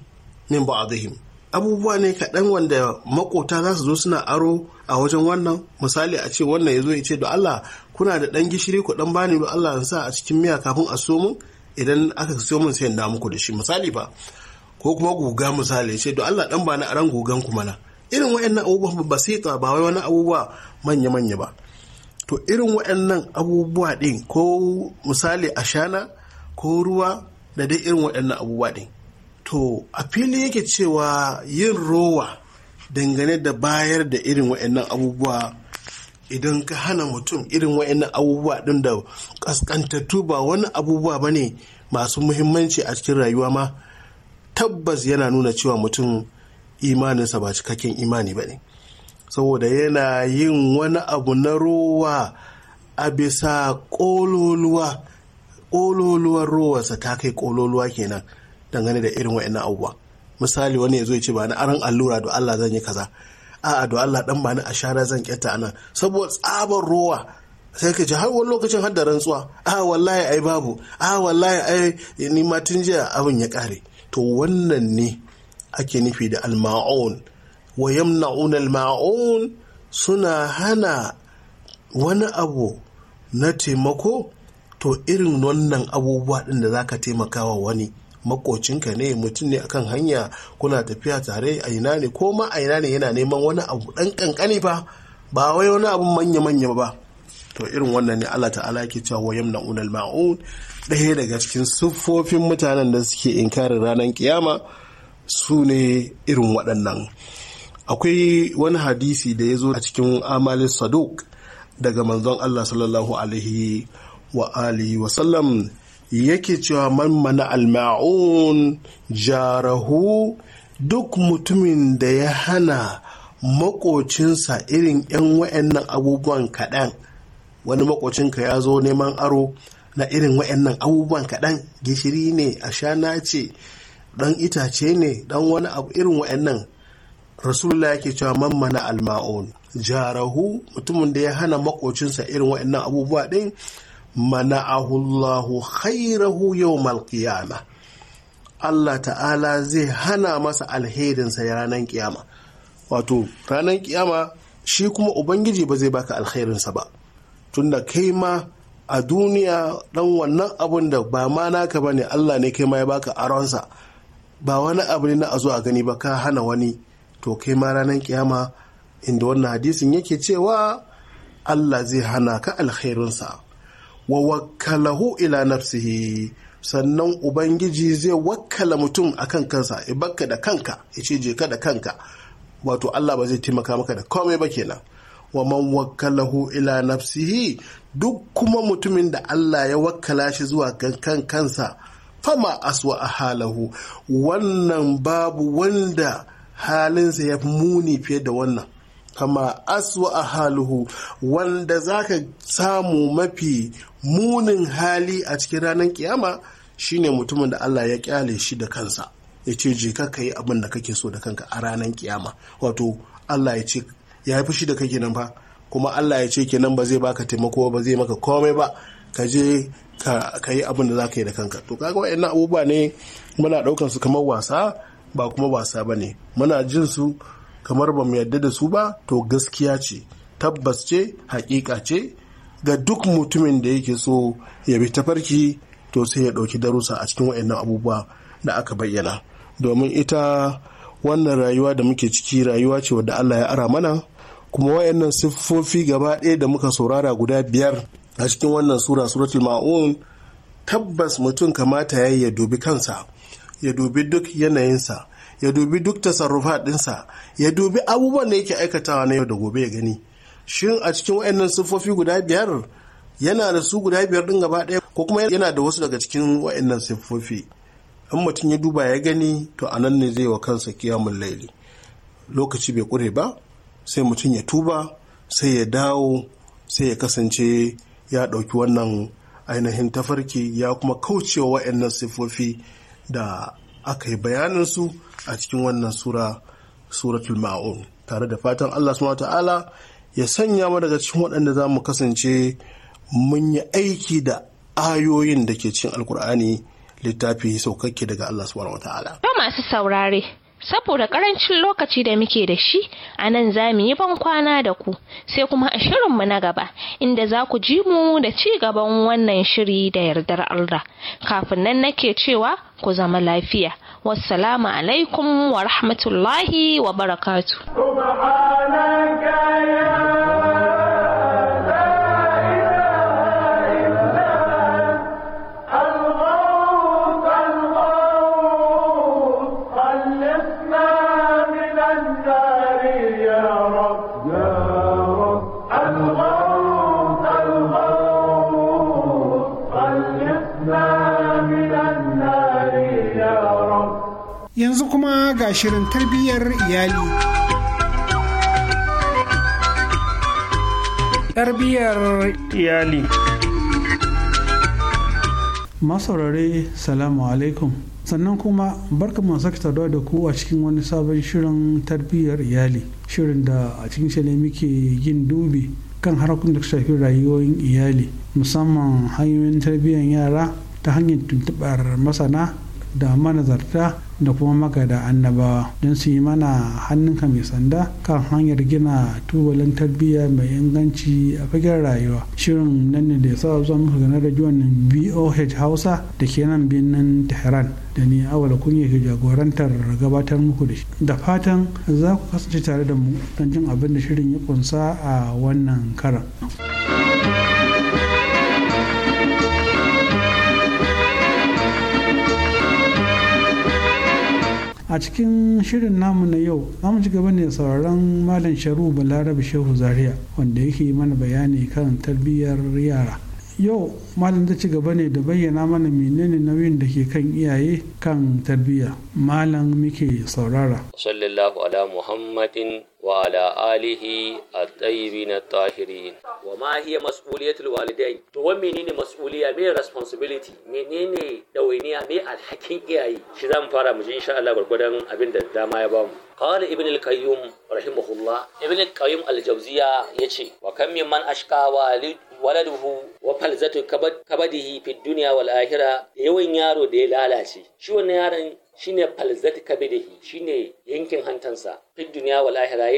min ba'dihim abubuwa ne kaɗan wanda makota za su zo suna aro a wajen wannan misali a ce wannan ya zo ya ce da Allah kuna da ɗan gishiri ku ɗan bani do Allah a cikin miya kafin a so mun idan aka so mun sai in muku da shi misali ba ko kuma guga misali ce da Allah ɗan bani ran gugan ku mana irin waɗannan abubuwan ba basita ba wai wani abubuwa manya-manya ba to irin waɗannan abubuwa ɗin ko misali ashana ko ruwa da dai irin waɗannan abubuwa ɗin to a fili yake cewa yin rowa dangane da bayar da irin waɗannan abubuwa idan ka hana mutum irin waɗannan abubuwa ɗin da ƙasƙantattu ba wani abubuwa ba ne masu muhimmanci a cikin rayuwa ma tabbas yana nuna cewa mutum imaninsa ba cikakken imani ba ne. saboda yana yin wani abu na ruwa, a bisa ƙololuwa ƙololuwar rowarsa ta kai ƙololuwa kenan dangane da irin wa'in abubuwa misali wani ya zo ya ce ba ni aran allura da Allah zan yi kaza a'a da Allah dan ba ni ashara zan kyata nan saboda tsabar ruwa sai ka ce har wani lokacin har da rantsuwa a wallahi ai babu a wallahi ai ni ma tun jiya abin ya kare to wannan ne ake nufi da alma'on? wa yamna'una al-ma'un suna hana wani abu na taimako to irin wannan abubuwa ɗin da zaka wa wani makocinka ne mutum ne akan hanya kuna tafiya tare a ina ne ko ma a ina ne yana neman wani abu ɗan ƙanƙani ba ba wai wani abu manya-manya ba to irin wannan ne Allah ta'ala yake cewa wayam na unal ma'un ɗaya daga cikin siffofin mutanen da suke inkarin ranar kiyama su ne irin waɗannan akwai wani hadisi da ya zo a cikin amalin saduk daga manzon Allah sallallahu alaihi wa alihi wa sallam yake cewa man mana alma'un jarahu duk mutumin da ya hana makocinsa irin 'yan wa'annan abubuwan kaɗan wani makocinka ya zo neman aro na irin wa'annan abubuwan kaɗan gishiri ne ashana ce ɗan itace ne ɗan wani abu irin wa'annan rasulullah yake cewa man mana alma'un jarahu mutumin da ya hana makocinsa irin waɗannan abubuwa ɗin mana ahullahu khairahu yau malkiyama Allah ta'ala zai hana masa alherinsa ya ranar kiyama wato ranar kiyama shi kuma ubangiji ba zai baka alherinsa ba tunda kai ma a duniya dan wannan abun da ba ma naka ne Allah ne kai ma ya baka aronsa ba wani abu ne na a zo a gani ba ka hana wani to kai ma ranar kiyama inda wannan hadisin yake cewa Allah zai hana ka alkhairunsa wa wakkalahu ila nafsihi sannan ubangiji zai wakkala mutum a kan kansa ya bakka da kanka ya ce je ka da kanka wato Allah ba zai taimaka maka da komai ba kenan wa man wakkalahu ila nafsihi duk kuma mutumin da Allah ya wakkala shi zuwa kan kansa fama aswa halahu wannan babu wanda halinsa ya muni fiye da wannan kama aswa a haluhu wanda zaka samu mafi munin hali a cikin ranar kiyama shine mutumin da Allah ya kyale shi da kansa ya ce je ka yi abin da kake so da kanka a ranar kiyama wato Allah ya ce ya haifi shi da kake nan ba kuma Allah ya ce kenan ba zai baka taimako ba zai maka komai ba ka je ka yi abin da za ka yi da kanka to kaga waɗannan abubuwa ne muna ɗaukan su kamar wasa ba kuma wasa ba ne muna jin su kamar ba mu yadda da su ba to gaskiya ce tabbas ce haƙiƙa ce ga duk mutumin da yake so ya bi tafarki to sai ya ɗauki darussa a cikin wa'in abubuwa da aka bayyana domin ita wannan rayuwa da muke ciki rayuwa ce wadda Allah ya ara mana kuma wayannan siffofi gaba ɗaya da muka saurara guda biyar a cikin wannan sura suratul ma'un tabbas mutum kamata ya ya dubi kansa ya dubi duk yanayinsa ya dubi duk tasarrufa ɗinsa ya dubi abubuwan da yake aikatawa na yau da gobe ya gani shin a cikin waɗannan siffofi guda biyar yana da su guda biyar ɗin gaba ɗaya ko kuma yana da wasu daga cikin wayannan siffofi in mutum ya duba ya gani to a nan ne zai wa kansa kiyamun laili lokaci bai ƙure ba sai mutum ya tuba sai ya dawo sai ya kasance ya ɗauki wannan ainihin tafarki ya kuma kaucewa wayannan siffofi da aka yi bayanin su a cikin wannan sura suratul ma'un tare da fatan Allah subhanahu ta'ala ya sanya mu daga cikin waɗanda za mu kasance mun yi aiki da ayoyin da ke cikin alkur'ani littafi saukakke daga Allah subhanahu ta'ala. masu saurare saboda ƙarancin lokaci da muke da shi a nan za mu yi ban kwana da ku sai kuma a shirin mu na gaba inda za ku ji mu da ci gaban wannan shiri da yardar Allah kafin nan nake cewa ku zama lafiya wassalamu alaikum wa rahmatullahi wa barakatu yanzu kuma ga shirin tarbiyyar iyali. Tarbiyyar iyali. Masaurare, salamu alaikum. Sannan kuma barka masu saduwa da ku a cikin wani sabon shirin tarbiyyar iyali. Shirin da a cikin shi muke yin dubi kan harkokin da shafi rayuwoyin iyali musamman hanyoyin tarbiyyar yara ta hanyar tuntubar masana da manazarta da kuma maka da annabawa don su yi mana hannunka mai sanda kan hanyar gina tubalin tarbiyya mai inganci a fagen rayuwa shirin nan ne da ya sa zuwa muku gane rajiyon boh hausa da ke nan birnin tehran da ni awala kun ke jagorantar gabatar muku da shi da fatan za ku kasance tare da mu don jin abin da shirin ya kunsa a wannan karan. a cikin shirin namu na yau za mu ci gaba ne sauraron malam sharu balarabe shehu zaria wanda yake mana bayani kan tarbiyyar yara yau malam ta ci gaba ne da bayyana mana menene nauyin da ke kan iyaye kan tarbiyya malam muke saurara sallallahu ala muhammadin وعلى آله الطيبين الطاهرين وما هي مسؤولية الوالدين to wa menene mas'uliya me responsibility menene dawainiya me alhakin iyaye shi zamu fara mu ji insha Allah gurgurdan abin da dama ya bamu qala ibn al-qayyim rahimahullah ibn al-qayyim al-jawziya yace wa kam min man ashqa walid waladuhu wa falzatu kabadihi fi dunya wal akhirah yawan yaro da ya lalace shi wannan yaron shine falzati kabidihi shine yankin hantansa fi duniya wa lahira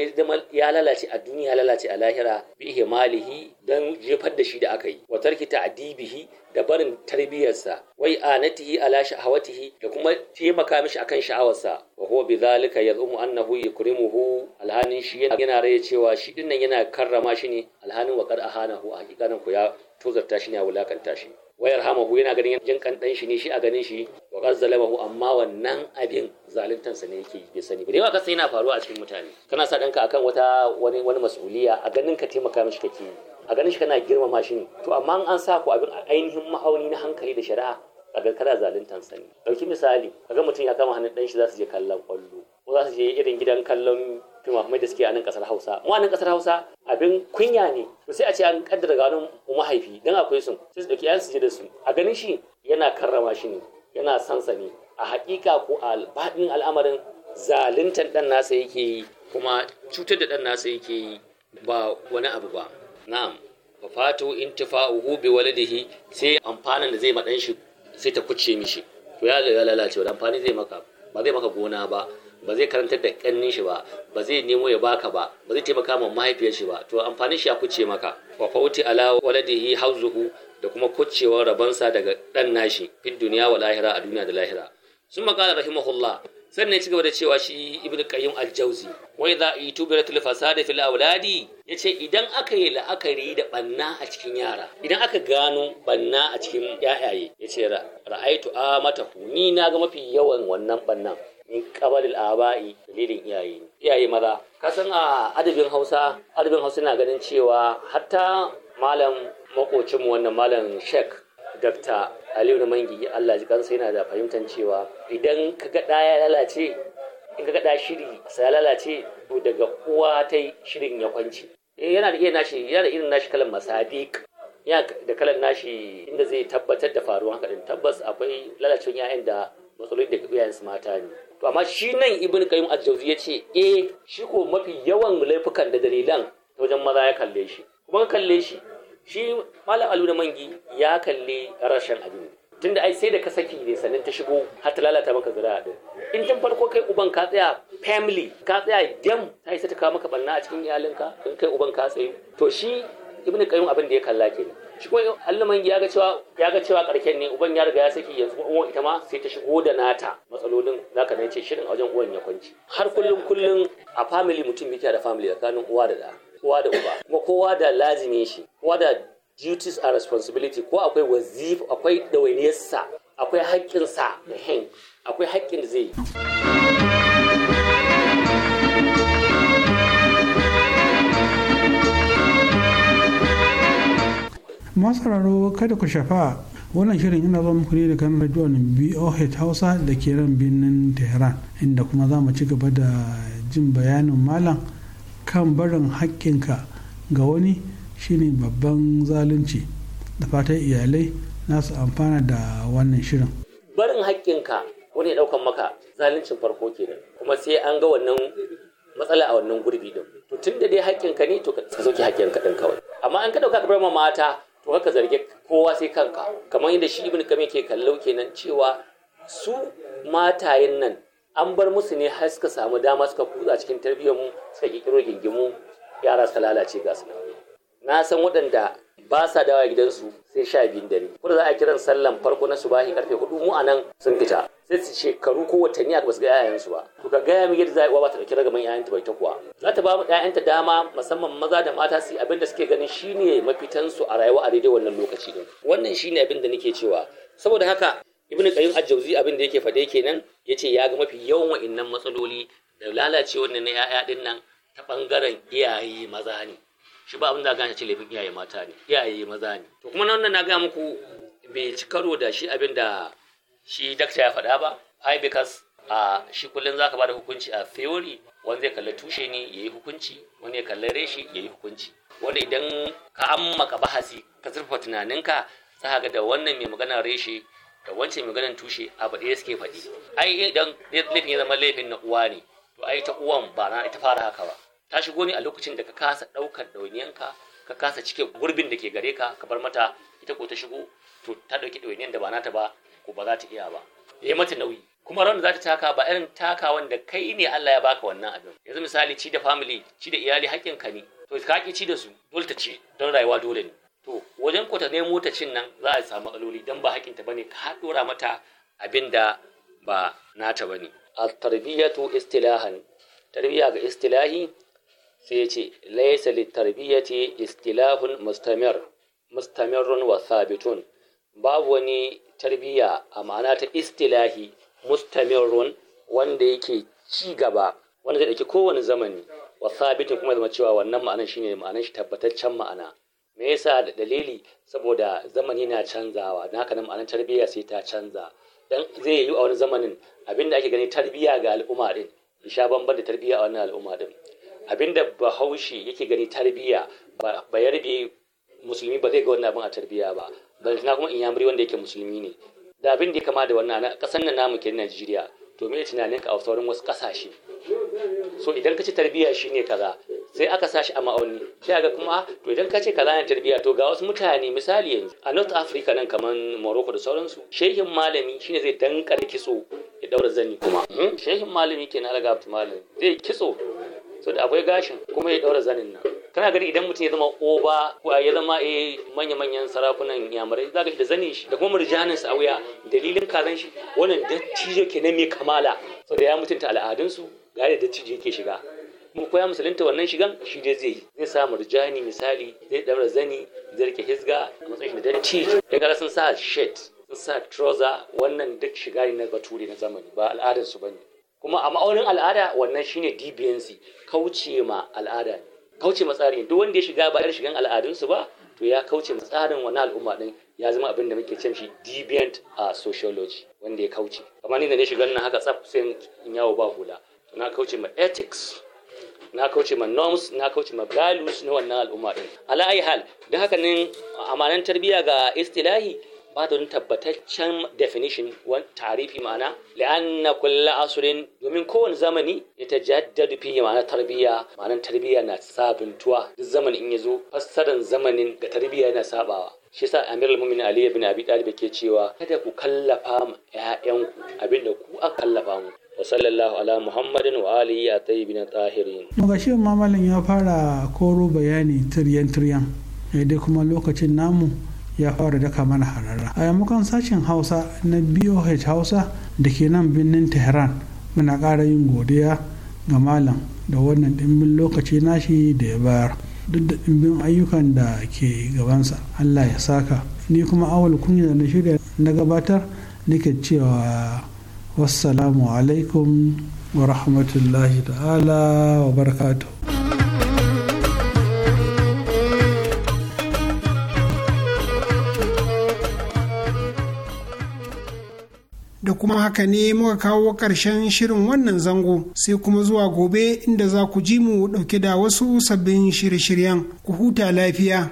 ya lalace a duniya ya lalace a lahira bi malihi dan jefar da shi da aka yi wa tarki ta'dibihi da barin tarbiyarsa wai anatihi ala shahawatihi da kuma taimaka mishi akan sha'awarsa wa huwa bidhalika yazumu annahu yukrimuhu alhanin shi yana raye cewa shi dinnan yana karrama shi ne alhanin wa qad ahanahu hakikanin ku ya tozarta shi ne a wulakanta shi wayar hamahu yana ganin jin kan dan shi ne shi a ganin shi wa gazzalamahu amma wannan abin zaluntansa ne yake bai sani da yawa kasa yana faruwa a cikin mutane kana sa danka akan wata wani wani mas'uliya a ganin ka taimaka mishi kake a ganin shi kana girmama shi ne to amma an sa ku abin ainihin ma'auni na hankali da shari'a ga kana zaluntan sa ne dauki misali kaga mutum ya kama hannun dan shi za su je kallon kwallo ko za su je irin gidan kallon to da suke a nan kasar hausa mu a nan kasar hausa abin kunya ne to sai a ce an kaddara ganin mahaifi dan akwai sun sai su dauki su je da su a ganin shi yana karrama shi ne yana sansa ne a hakika ko a al'amarin zaluntan ɗan nasa yake yi kuma cutar da ɗan nasa yake yi ba wani abu ba na'am fa fatu intifa'uhu bi waladihi sai amfanin da zai ma shi sai ta kuce mishi to ya lalace wani amfani zai maka ba zai maka gona ba ba zai karantar da kannin shi ba ba zai nemo ya baka ba ba zai taimaka ma mahaifiyar shi ba to amfanin shi ya kuce maka wa fauti ala waladihi hauzuhu da kuma kucewar rabansa daga dan nashi fid duniya wa lahira a duniya da lahira sun makala rahimahullah sannan ci gaba da cewa shi ibn qayyim al-jauzi wa idha itubiratul fasad fil awladi yace idan aka yi la'akari da banna a cikin yara idan aka gano banna a cikin yayaye yace ra'aitu amatahu ni na ga mafi yawan wannan bannan min kabalil aba'i dalilin iyaye iyaye maza ka san a adabin Hausa adabin Hausa na ganin cewa hatta malam makocin wannan malam Sheikh Dr. Aliyu na Mangi Allah ji kansa yana da fahimtar cewa idan ka ga ya lalace in ka ga shiri sai lalace to daga uwa ta shirin ya kwanci eh, yana da iya nashi yana da irin nashi kalan masadiq ya da kalan nashi inda zai tabbatar da faruwar haka din tabbas akwai lalacin 'ya'yan da matsalolin da iyayen su mata ne to amma shi nan ibn kayyum al yace eh shi ko mafi yawan laifukan da dalilan wajen maza ya kalle shi kuma ka kalle shi shi malam aluna mangi ya kalle rashin abin tunda ai sai da ka saki ne sannan ta shigo har ta lalata maka zuri'a din in tun farko kai uban ka tsaya family ka tsaya dem ta isa ta kawo maka barna a cikin iyalinka in kai uban ka tsaye, to shi ibn kayyum abin da ya kalla kenan shi kuma alluman ya ya ga cewa karken ne uban ya riga ya saki yanzu uwan ita ma sai ta shigo da nata matsalolin naka ne ce shirin a wajen uwan ya kwanci har kullum kullum a family mutum yake da family tsakanin uwa da da uwa da uba kuma kowa da lazime shi kowa da duties are responsibility ko akwai wazif akwai dawainiyarsa akwai haƙƙinsa akwai haƙƙin da zai yi masu raro kada ku shafa wannan shirin ina zo muku ne da kan radio na boh hausa da ke ran birnin tehran inda kuma za mu ci gaba da jin bayanin malam kan barin haƙƙinka ga wani shine babban zalunci da fatan iyalai nasu amfana da wannan shirin barin haƙƙinka wani ya ɗaukan maka zaluncin farko kenan kuma sai an ga wannan matsala a wannan gurbi din to tun da dai haƙƙinka ne to ka soke haƙƙinka din kawai amma an ka ɗauka ka bar mata to haka zarge kowa sai kanka kamar yadda shi ibn kamar ke kallo kenan cewa su matayen nan an bar musu ne har suka samu dama suka kutsa cikin tarbiyyar mu suka kikiro gingimu yara suka lalace ga su na san waɗanda ba sa dawa gidansu sai sha biyun dare ko da za a kiran sallan farko na subahi karfe hudu mu nan sun fita sai su shekaru ko watanni a basu ga yayansu ba to ka gaya min yadda za a uwa ba ta dauki ragaman yayanta bai ta kuwa za ta ba mu ta dama musamman maza da mata su abin da suke ganin shine mafitan su a rayuwa a daidai wannan lokaci din wannan shine abin da nake cewa saboda haka ibnu qayyim al-jawzi abin da yake fade kenan yace ya ga mafi yawan wa'annan matsaloli da lalacewa na yaya din nan ta bangaren iyaye maza ne shi ba abin da gane ce laifin iyaye mata ne iyaye maza ne to kuma nan na gaya muku bai ci karo da shi abin da shi dakta ya faɗa ba ai because a shi kullum zaka bada hukunci a theory wani zai kalli tushe ne yayi hukunci wani ya kalli reshe yayi hukunci wanda idan ka amma ka bahasi ka zurfa tunaninka za ga da wannan mai magana reshe da wancan mai maganar tushe abu ɗaya suke faɗi ai idan laifin ya zama laifin na uwa ne to ai ta uwan ba na ita fara haka ba ta shigo ne a lokacin da ka kasa ɗaukar ɗauniyanka ka kasa cike gurbin da ke gare ka ka bar mata ita ko ta shigo to ta ɗauki ɗauniyan da ba nata ba ko ba za ta iya ba ya yi mata nauyi kuma ran za ta taka ba irin taka wanda kai ne Allah ya baka wannan abin yanzu misali ci da family ci da iyali haƙƙin ka ne to ka ci da su dole ta ce don rayuwa dole ne to wajen ko ta nemo ta cin nan za a samu aloli dan ba haƙƙin ta bane ka dora mata abin da ba nata bane al tarbiyatu istilahan tarbiya ga istilahi sai ya ce laisa litarbiyyati istilahun mustamir mustamirun wa sabitun babu wani tarbiyya a ma'ana ta istilahi mustamirun wanda yake ci gaba wanda zai dauki kowane zamani wa sabitun kuma zama cewa wannan ma'anar shine ma'anar shi tabbataccen ma'ana me yasa da dalili saboda zamani na canzawa na haka nan ma'anar tarbiyya sai ta canza dan zai yi a wani zamanin abinda ake gani tarbiyya ga al'umma din sha bamban da tarbiyya a wannan al'umma din abinda bahaushe yake gani tarbiyya ba yarbe musulmi ba zai ga wannan abin a tarbiyya ba ba na kuma in inyamuri wanda yake musulmi ne da abin da ya kama da wannan a nan namu ke Najeriya to me tunanin ka a sauran wasu ƙasashe so idan ka ce tarbiyya shine kaza sai aka sashi a ma'auni sai ga kuma ah, to idan ka ce kaza ne tarbiyya to ga wasu mutane misali yanzu a North Africa nan kaman Morocco da sauransu shehin malami shine zai danka kitso ya daura zani kuma hmm? shehin malami kenan Alga malami Malam zai kitso so da akwai gashin kuma ya daura zanin nan kana gani idan mutum ya zama oba ko ya zama eh manya-manyan sarakunan yamurai za ka da zanin shi da kuma murjanin sa a wuya dalilin kazan shi wannan dattijo ke na mai kamala so da ya mutunta al'adun su ga da dattijo ke shiga mu koya musulunta wannan shigan shi dai zai zai sa murjani misali zai daura zani zai rike hisga a matsayin da dattijo ya gara sun sa shirt sun sa trouser wannan duk shiga ne na bature na zamani ba al'adarsu ba ne kuma a ma'aunin al'ada wannan shine dbnc kauce ma al'ada kauce ma tsarin duk wanda ya shiga ba shigan al'adunsu ba to ya kauce ma tsarin wani al'umma din ya zama abin da muke cin shi deviant a sociology wanda ya kauce kamar ni da ne shigar nan haka tsaf sai in yawo ba hula na kauce ma ethics na kauce ma norms na kauce ma values na wannan al'umma din ala hal don haka nan amanan tarbiyya ga istilahi ba da wani tabbataccen definition wani tarifi ma'ana la'anna kula asurin domin kowane zamani ya ta jaddadu fiye ma'ana tarbiyya ma'anar tarbiyya na sabuntuwa duk zamani in ya zo fassarar zamanin ga tarbiyya yana sabawa shi sa amir al-mumin ali bin abi talib ke cewa kada ku kallafa ma ƴaƴanku abinda ku aka kallafa mu wa sallallahu ala muhammadin wa alihi a tayyibin tahirin magashi mamalin ya fara koro bayani tiryan tiryan eh, dai kuma lokacin namu ya fara daka mana harara a yammukan sashen hausa na boh hausa da ke nan birnin tehran muna ƙara yin godiya ga malam da wannan ɗimbin lokaci nashi da ya bayar duk da ɗimbin ayyukan da ke gabansa allah ya saka ni kuma awal kunya da na shirya na gabatar nake cewa wassalamu alaikum wa rahmatullahi ta'ala wa barakatuh da kuma haka ne muka kawo ƙarshen shirin wannan zango sai kuma zuwa gobe inda za ku ji mu ɗauke da wasu sabbin shirye-shiryen ku huta lafiya